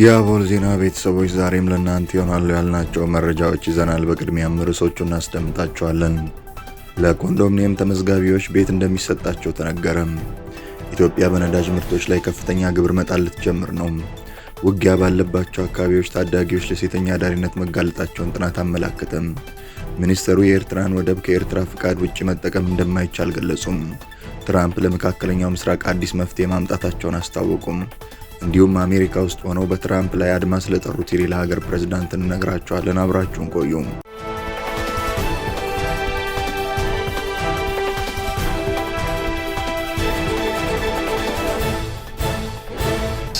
የአቦል ዜና ቤተሰቦች ዛሬም ለእናንተ ይሆናሉ ያልናቸው መረጃዎች ይዘናል። በቅድሚያም ርዕሶቹ እናስደምጣቸዋለን። ለኮንዶሚኒየም ተመዝጋቢዎች ቤት እንደሚሰጣቸው ተነገረም። ኢትዮጵያ በነዳጅ ምርቶች ላይ ከፍተኛ ግብር መጣል ልትጀምር ነው። ውጊያ ባለባቸው አካባቢዎች ታዳጊዎች ለሴተኛ አዳሪነት መጋለጣቸውን ጥናት አመላክትም። ሚኒስተሩ የኤርትራን ወደብ ከኤርትራ ፍቃድ ውጭ መጠቀም እንደማይቻል ገለጹም። ትራምፕ ለመካከለኛው ምስራቅ አዲስ መፍትሄ ማምጣታቸውን አስታወቁም። እንዲሁም አሜሪካ ውስጥ ሆነው በትራምፕ ላይ አድማ ስለጠሩት የሌላ ሀገር ፕሬዝዳንት እንነግራችኋለን። አብራችሁን ቆዩ።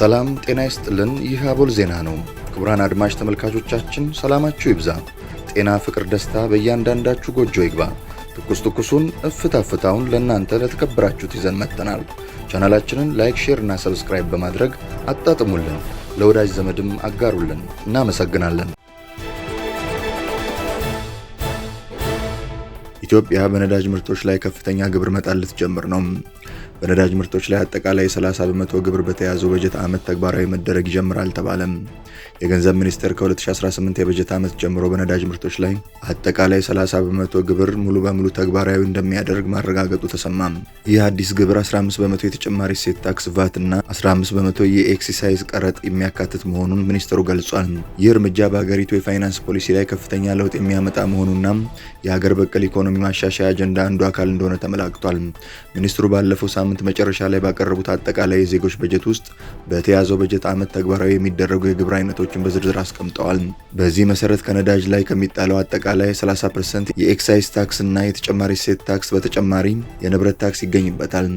ሰላም ጤና ይስጥልን። ይህ አቦል ዜና ነው። ክቡራን አድማጭ ተመልካቾቻችን ሰላማችሁ ይብዛ፣ ጤና፣ ፍቅር፣ ደስታ በእያንዳንዳችሁ ጎጆ ይግባ። ትኩስ ትኩሱን እፍታ ፍታውን ለእናንተ ለተከበራችሁት ይዘን መጥተናል። ቻናላችንን ላይክ፣ ሼር እና ሰብስክራይብ በማድረግ አጣጥሙልን፣ ለወዳጅ ዘመድም አጋሩልን። እናመሰግናለን። ኢትዮጵያ በነዳጅ ምርቶች ላይ ከፍተኛ ግብር መጣል ልትጀምር ነው። በነዳጅ ምርቶች ላይ አጠቃላይ 30 በመቶ ግብር በተያዘው በጀት ዓመት ተግባራዊ መደረግ ይጀምራል ተባለም። የገንዘብ ሚኒስቴር ከ2018 የበጀት ዓመት ጀምሮ በነዳጅ ምርቶች ላይ አጠቃላይ 30 በመቶ ግብር ሙሉ በሙሉ ተግባራዊ እንደሚያደርግ ማረጋገጡ ተሰማም። ይህ አዲስ ግብር 15 በመቶ የተጨማሪ ሴት ታክስ ቫት እና 15 በመቶ የኤክሲሳይዝ ቀረጥ የሚያካትት መሆኑን ሚኒስትሩ ገልጿል። ይህ እርምጃ በሀገሪቱ የፋይናንስ ፖሊሲ ላይ ከፍተኛ ለውጥ የሚያመጣ መሆኑና የሀገር በቀል ኢኮኖሚ ማሻሻያ አጀንዳ አንዱ አካል እንደሆነ ተመላክቷል። ሚኒስትሩ ባለፈው ሳምንት መጨረሻ ላይ ባቀረቡት አጠቃላይ የዜጎች በጀት ውስጥ በተያዘው በጀት ዓመት ተግባራዊ የሚደረጉ የግብር አይነቶችን በዝርዝር አስቀምጠዋል። በዚህ መሰረት ከነዳጅ ላይ ከሚጣለው አጠቃላይ 30 የኤክሳይዝ ታክስ እና የተጨማሪ ሴት ታክስ በተጨማሪ የንብረት ታክስ ይገኝበታል።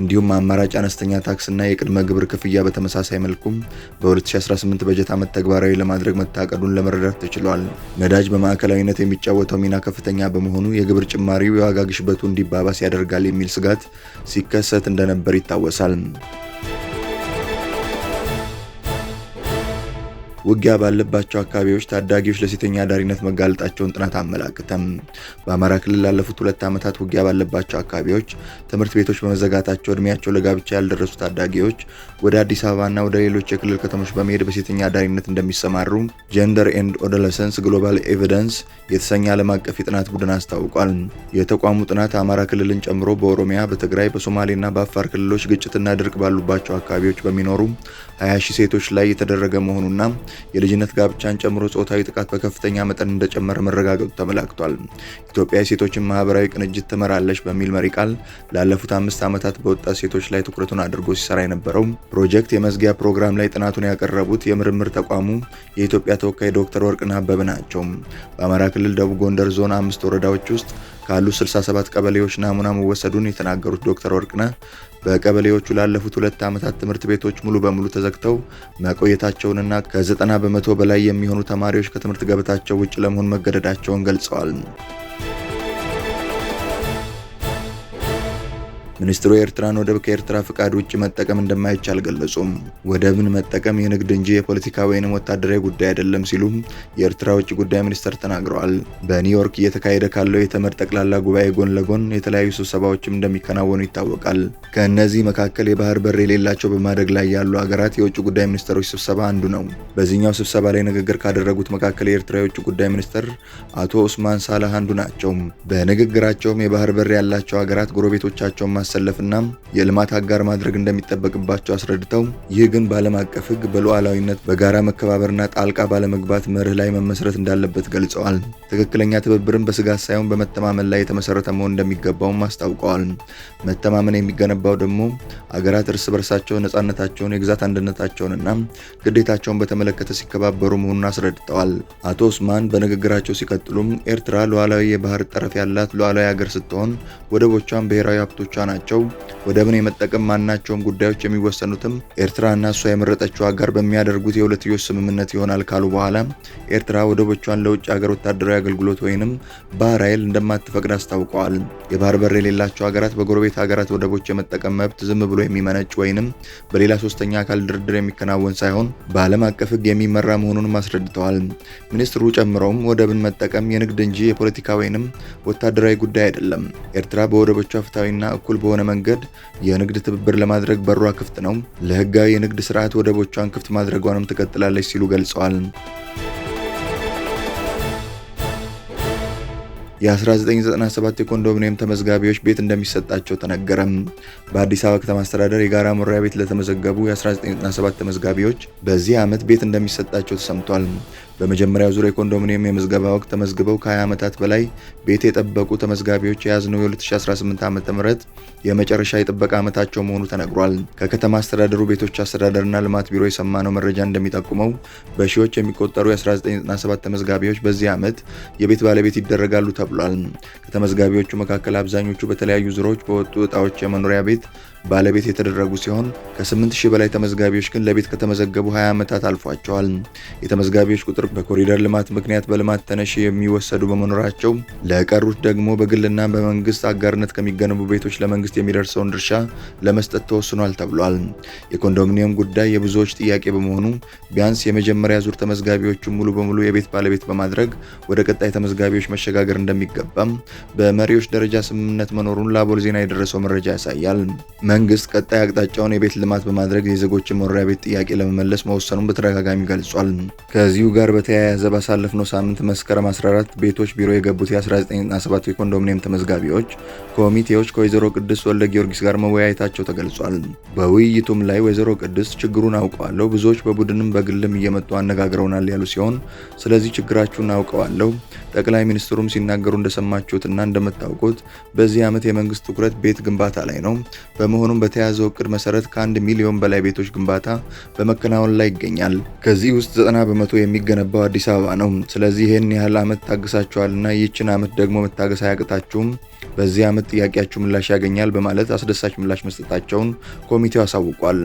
እንዲሁም አማራጭ አነስተኛ ታክስ እና የቅድመ ግብር ክፍያ በተመሳሳይ መልኩም በ2018 በጀት ዓመት ተግባራዊ ለማድረግ መታቀዱን ለመረዳት ተችሏል። ነዳጅ በማዕከላዊነት የሚጫወተው ሚና ከፍተኛ በመሆኑ የግብር የግብር ጭማሪው የዋጋ ግሽበቱ እንዲባባስ ያደርጋል የሚል ስጋት ሲከሰት እንደነበር ይታወሳል። ውጊያ ባለባቸው አካባቢዎች ታዳጊዎች ለሴተኛ አዳሪነት መጋለጣቸውን ጥናት አመላክተም። በአማራ ክልል ላለፉት ሁለት ዓመታት ውጊያ ባለባቸው አካባቢዎች ትምህርት ቤቶች በመዘጋታቸው እድሜያቸው ለጋብቻ ያልደረሱ ታዳጊዎች ወደ አዲስ አበባና ወደ ሌሎች የክልል ከተሞች በመሄድ በሴተኛ አዳሪነት እንደሚሰማሩ ጀንደር ኤንድ ኦደለሰንስ ግሎባል ኤቪደንስ የተሰኘ ዓለም አቀፍ የጥናት ቡድን አስታውቋል። የተቋሙ ጥናት አማራ ክልልን ጨምሮ በኦሮሚያ፣ በትግራይ፣ በሶማሌና በአፋር ክልሎች ግጭትና ድርቅ ባሉባቸው አካባቢዎች በሚኖሩ 20 ሺህ ሴቶች ላይ የተደረገ መሆኑና የልጅነት ጋብቻን ጨምሮ ጾታዊ ጥቃት በከፍተኛ መጠን እንደጨመረ መረጋገጡ ተመላክቷል። ኢትዮጵያ የሴቶችን ማህበራዊ ቅንጅት ትመራለች በሚል መሪ ቃል ላለፉት አምስት ዓመታት በወጣት ሴቶች ላይ ትኩረቱን አድርጎ ሲሰራ የነበረው ፕሮጀክት የመዝጊያ ፕሮግራም ላይ ጥናቱን ያቀረቡት የምርምር ተቋሙ የኢትዮጵያ ተወካይ ዶክተር ወርቅነህ አበበ ናቸው። በአማራ ክልል ደቡብ ጎንደር ዞን አምስት ወረዳዎች ውስጥ ካሉ 67 ቀበሌዎች ናሙና መወሰዱን የተናገሩት ዶክተር ወርቅነህ በቀበሌዎቹ ላለፉት ሁለት ዓመታት ትምህርት ቤቶች ሙሉ በሙሉ ተዘግተው መቆየታቸውንና ከ90 በመቶ በላይ የሚሆኑ ተማሪዎች ከትምህርት ገበታቸው ውጭ ለመሆን መገደዳቸውን ገልጸዋል። ሚኒስትሩ የኤርትራን ወደብ ከኤርትራ ፍቃድ ውጭ መጠቀም እንደማይቻል ገለጹም። ወደብን መጠቀም የንግድ እንጂ የፖለቲካ ወይንም ወታደራዊ ጉዳይ አይደለም ሲሉም የኤርትራ ውጭ ጉዳይ ሚኒስትር ተናግረዋል። በኒውዮርክ እየተካሄደ ካለው የተመድ ጠቅላላ ጉባኤ ጎን ለጎን የተለያዩ ስብሰባዎችም እንደሚከናወኑ ይታወቃል። ከእነዚህ መካከል የባህር በር የሌላቸው በማደግ ላይ ያሉ ሀገራት የውጭ ጉዳይ ሚኒስትሮች ስብሰባ አንዱ ነው። በዚህኛው ስብሰባ ላይ ንግግር ካደረጉት መካከል የኤርትራ የውጭ ጉዳይ ሚኒስትር አቶ ኡስማን ሳላህ አንዱ ናቸው። በንግግራቸውም የባህር በር ያላቸው ሀገራት ጎረቤቶቻቸውን ማሰለፍና የልማት አጋር ማድረግ እንደሚጠበቅባቸው አስረድተው ይህ ግን በዓለም አቀፍ ሕግ በሉዓላዊነት በጋራ መከባበርና ጣልቃ ባለመግባት መርህ ላይ መመስረት እንዳለበት ገልጸዋል። ትክክለኛ ትብብርን በስጋት ሳይሆን በመተማመን ላይ የተመሰረተ መሆን እንደሚገባውም አስታውቀዋል። መተማመን የሚገነባው ደግሞ አገራት እርስ በርሳቸው ነጻነታቸውን፣ የግዛት አንድነታቸውንና ግዴታቸውን በተመለከተ ሲከባበሩ መሆኑን አስረድተዋል። አቶ ኡስማን በንግግራቸው ሲቀጥሉም ኤርትራ ሉዓላዊ የባህር ጠረፍ ያላት ሉዓላዊ ሀገር ስትሆን ወደቦቿን ብሔራዊ ሀብቶቿ ናቸው ናቸው። ወደብን የመጠቀም ማናቸውም ጉዳዮች የሚወሰኑትም ኤርትራና እሷ የመረጠችው ሀገር በሚያደርጉት የሁለትዮሽ ስምምነት ይሆናል ካሉ በኋላ ኤርትራ ወደቦቿን ለውጭ ሀገር ወታደራዊ አገልግሎት ወይንም ባህር ኃይል እንደማትፈቅድ አስታውቀዋል። የባህር በር የሌላቸው ሀገራት በጎረቤት ሀገራት ወደቦች የመጠቀም መብት ዝም ብሎ የሚመነጭ ወይንም በሌላ ሶስተኛ አካል ድርድር የሚከናወን ሳይሆን በዓለም አቀፍ ሕግ የሚመራ መሆኑንም አስረድተዋል። ሚኒስትሩ ጨምረውም ወደብን መጠቀም የንግድ እንጂ የፖለቲካ ወይንም ወታደራዊ ጉዳይ አይደለም። ኤርትራ በወደቦቿ ፍትሐዊና እኩል በ በሆነ መንገድ የንግድ ትብብር ለማድረግ በሯ ክፍት ነው። ለህጋዊ የንግድ ስርዓት ወደቦቿን ክፍት ማድረጓንም ትቀጥላለች ሲሉ ገልጸዋል። የ1997 የኮንዶሚኒየም ተመዝጋቢዎች ቤት እንደሚሰጣቸው ተነገረም። በአዲስ አበባ ከተማ አስተዳደር የጋራ መኖሪያ ቤት ለተመዘገቡ የ1997 ተመዝጋቢዎች በዚህ ዓመት ቤት እንደሚሰጣቸው ተሰምቷል። በመጀመሪያው ዙር የኮንዶሚኒየም የምዝገባ ወቅት ተመዝግበው ከ20 ዓመታት በላይ ቤት የጠበቁ ተመዝጋቢዎች የያዝነው የ2018 ዓ ም የመጨረሻ የጥበቃ ዓመታቸው መሆኑ ተነግሯል። ከከተማ አስተዳደሩ ቤቶች አስተዳደርና ልማት ቢሮ የሰማነው መረጃ እንደሚጠቁመው በሺዎች የሚቆጠሩ የ1997 ተመዝጋቢዎች በዚህ ዓመት የቤት ባለቤት ይደረጋሉ ተብሏል። ከተመዝጋቢዎቹ መካከል አብዛኞቹ በተለያዩ ዙሮች በወጡ እጣዎች የመኖሪያ ቤት ባለቤት የተደረጉ ሲሆን ከ8000 በላይ ተመዝጋቢዎች ግን ለቤት ከተመዘገቡ 20 ዓመታት አልፏቸዋል። የተመዝጋቢዎች ቁጥር በኮሪደር ልማት ምክንያት በልማት ተነሽ የሚወሰዱ በመኖራቸው ለቀሩት ደግሞ በግልና በመንግስት አጋርነት ከሚገነቡ ቤቶች ለመንግስት የሚደርሰውን ድርሻ ለመስጠት ተወስኗል ተብሏል። የኮንዶሚኒየም ጉዳይ የብዙዎች ጥያቄ በመሆኑ ቢያንስ የመጀመሪያ ዙር ተመዝጋቢዎቹን ሙሉ በሙሉ የቤት ባለቤት በማድረግ ወደ ቀጣይ ተመዝጋቢዎች መሸጋገር እንደሚገባም በመሪዎች ደረጃ ስምምነት መኖሩን ለአቦል ዜና የደረሰው መረጃ ያሳያል። መንግስት ቀጣይ አቅጣጫውን የቤት ልማት በማድረግ የዜጎችን መኖሪያ ቤት ጥያቄ ለመመለስ መወሰኑን በተደጋጋሚ ገልጿል። ከዚሁ ጋር በተያያዘ ባሳለፍነው ሳምንት መስከረም 14 ቤቶች ቢሮ የገቡት የ1997 የኮንዶሚኒየም ተመዝጋቢዎች ኮሚቴዎች ከወይዘሮ ቅድስት ወልደ ጊዮርጊስ ጋር መወያየታቸው ተገልጿል። በውይይቱም ላይ ወይዘሮ ቅድስት ችግሩን አውቀዋለሁ፣ ብዙዎች በቡድንም በግልም እየመጡ አነጋግረውናል ያሉ ሲሆን ስለዚህ ችግራችሁን አውቀዋለሁ ጠቅላይ ሚኒስትሩም ሲናገሩ እንደሰማችሁትና እንደምታውቁት በዚህ ዓመት የመንግስት ትኩረት ቤት ግንባታ ላይ ነው። በመሆኑም በተያዘው እቅድ መሰረት ከአንድ ሚሊዮን በላይ ቤቶች ግንባታ በመከናወን ላይ ይገኛል። ከዚህ ውስጥ 90 በመቶ የሚገነባው አዲስ አበባ ነው። ስለዚህ ይህን ያህል ዓመት ታግሳችኋልና ይህችን ዓመት ደግሞ መታገስ አያቅታችሁም። በዚህ ዓመት ጥያቄያችሁ ምላሽ ያገኛል በማለት አስደሳች ምላሽ መስጠታቸውን ኮሚቴው አሳውቋል።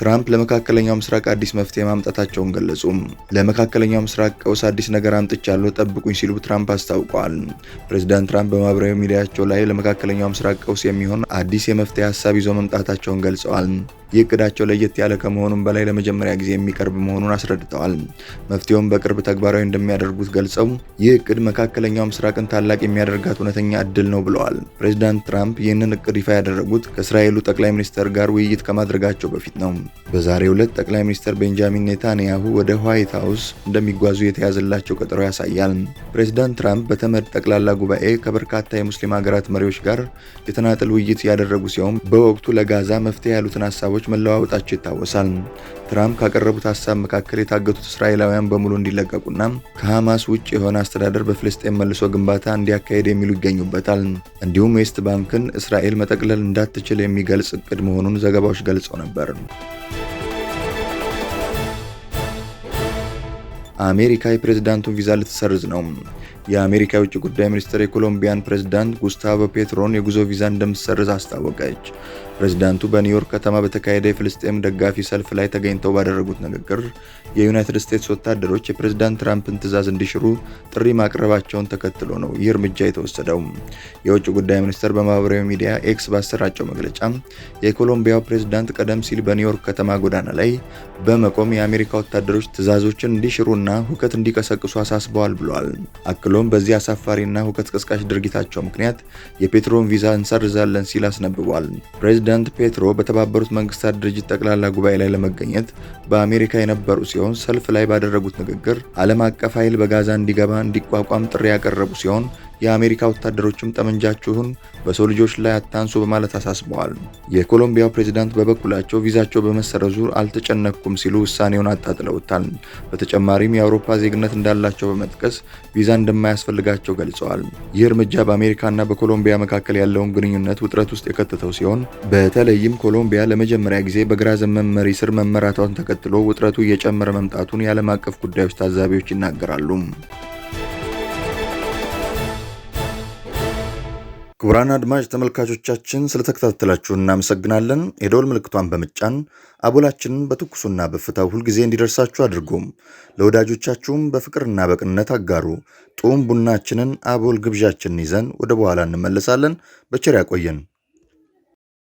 ትራምፕ ለመካከለኛው ምስራቅ አዲስ መፍትሄ ማምጣታቸውን ገለጹ። ለመካከለኛው ምስራቅ ቀውስ አዲስ ነገር አምጥቻለሁ ጠብቁኝ ሲሉ ትራምፕ አስታውቀዋል። ፕሬዚዳንት ትራምፕ በማህበራዊ ሚዲያቸው ላይ ለመካከለኛው ምስራቅ ቀውስ የሚሆን አዲስ የመፍትሄ ሀሳብ ይዞ መምጣታቸውን ገልጸዋል። ይህ እቅዳቸው ለየት ያለ ከመሆኑም በላይ ለመጀመሪያ ጊዜ የሚቀርብ መሆኑን አስረድተዋል። መፍትሄውን በቅርብ ተግባራዊ እንደሚያደርጉት ገልጸው ይህ እቅድ መካከለኛው ምስራቅን ታላቅ የሚያደርጋት እውነተኛ እድል ነው ብለዋል። ፕሬዚዳንት ትራምፕ ይህንን እቅድ ይፋ ያደረጉት ከእስራኤሉ ጠቅላይ ሚኒስትር ጋር ውይይት ከማድረጋቸው በፊት ነው። በዛሬው ዕለት ጠቅላይ ሚኒስትር ቤንጃሚን ኔታንያሁ ወደ ዋይት ሀውስ እንደሚጓዙ የተያዘላቸው ቀጠሮ ያሳያል። ፕሬዚዳንት ትራምፕ በተመድ ጠቅላላ ጉባኤ ከበርካታ የሙስሊም ሀገራት መሪዎች ጋር የተናጠል ውይይት ያደረጉ ሲሆን በወቅቱ ለጋዛ መፍትሄ ያሉትን ሀሳቦች ንግግሮች መለዋወጣቸው ይታወሳል። ትራምፕ ካቀረቡት ሀሳብ መካከል የታገቱት እስራኤላውያን በሙሉ እንዲለቀቁና ከሐማስ ውጭ የሆነ አስተዳደር በፍልስጤም መልሶ ግንባታ እንዲያካሄድ የሚሉ ይገኙበታል። እንዲሁም ዌስት ባንክን እስራኤል መጠቅለል እንዳትችል የሚገልጽ እቅድ መሆኑን ዘገባዎች ገልጸው ነበር። አሜሪካ የፕሬዝዳንቱን ቪዛ ልትሰርዝ ነው። የአሜሪካ የውጭ ጉዳይ ሚኒስትር የኮሎምቢያን ፕሬዝዳንት ጉስታቮ ፔትሮን የጉዞ ቪዛ እንደምትሰርዝ አስታወቀች። ፕሬዝዳንቱ በኒውዮርክ ከተማ በተካሄደ የፍልስጤም ደጋፊ ሰልፍ ላይ ተገኝተው ባደረጉት ንግግር የዩናይትድ ስቴትስ ወታደሮች የፕሬዝዳንት ትራምፕን ትዕዛዝ እንዲሽሩ ጥሪ ማቅረባቸውን ተከትሎ ነው ይህ እርምጃ የተወሰደው። የውጭ ጉዳይ ሚኒስትር በማህበራዊ ሚዲያ ኤክስ ባሰራጨው መግለጫ የኮሎምቢያው ፕሬዝዳንት ቀደም ሲል በኒውዮርክ ከተማ ጎዳና ላይ በመቆም የአሜሪካ ወታደሮች ትዕዛዞችን እንዲሽሩና ሁከት እንዲቀሰቅሱ አሳስበዋል ብሏል። አክሎም በዚህ አሳፋሪና ሁከት ቀስቃሽ ድርጊታቸው ምክንያት የፔትሮን ቪዛ እንሰርዛለን ሲል አስነብቧል። ፕሬዚዳንት ፔትሮ በተባበሩት መንግስታት ድርጅት ጠቅላላ ጉባኤ ላይ ለመገኘት በአሜሪካ የነበሩ ሲሆን ሰልፍ ላይ ባደረጉት ንግግር ዓለም አቀፍ ኃይል በጋዛ እንዲገባ እንዲቋቋም ጥሪ ያቀረቡ ሲሆን የአሜሪካ ወታደሮችም ጠመንጃችሁን በሰው ልጆች ላይ አታንሱ በማለት አሳስበዋል። የኮሎምቢያው ፕሬዚዳንት በበኩላቸው ቪዛቸው በመሰረዙ አልተጨነቅኩም ሲሉ ውሳኔውን አጣጥለውታል። በተጨማሪም የአውሮፓ ዜግነት እንዳላቸው በመጥቀስ ቪዛ እንደማያስፈልጋቸው ገልጸዋል። ይህ እርምጃ በአሜሪካና በኮሎምቢያ መካከል ያለውን ግንኙነት ውጥረት ውስጥ የከተተው ሲሆን በተለይም ኮሎምቢያ ለመጀመሪያ ጊዜ በግራ ዘመን መሪ ስር መመራቷን ተከትሎ ውጥረቱ እየጨመረ መምጣቱን የዓለም አቀፍ ጉዳዮች ታዛቢዎች ይናገራሉ። ክቡራን አድማጭ ተመልካቾቻችን ስለተከታተላችሁ እናመሰግናለን። የደወል ምልክቷን በመጫን አቦላችንን በትኩሱና በእፍታው ሁልጊዜ እንዲደርሳችሁ አድርጎም ለወዳጆቻችሁም በፍቅርና በቅንነት አጋሩ። ጡም ቡናችንን አቦል ግብዣችንን ይዘን ወደ በኋላ እንመለሳለን። በቸር ያቆየን።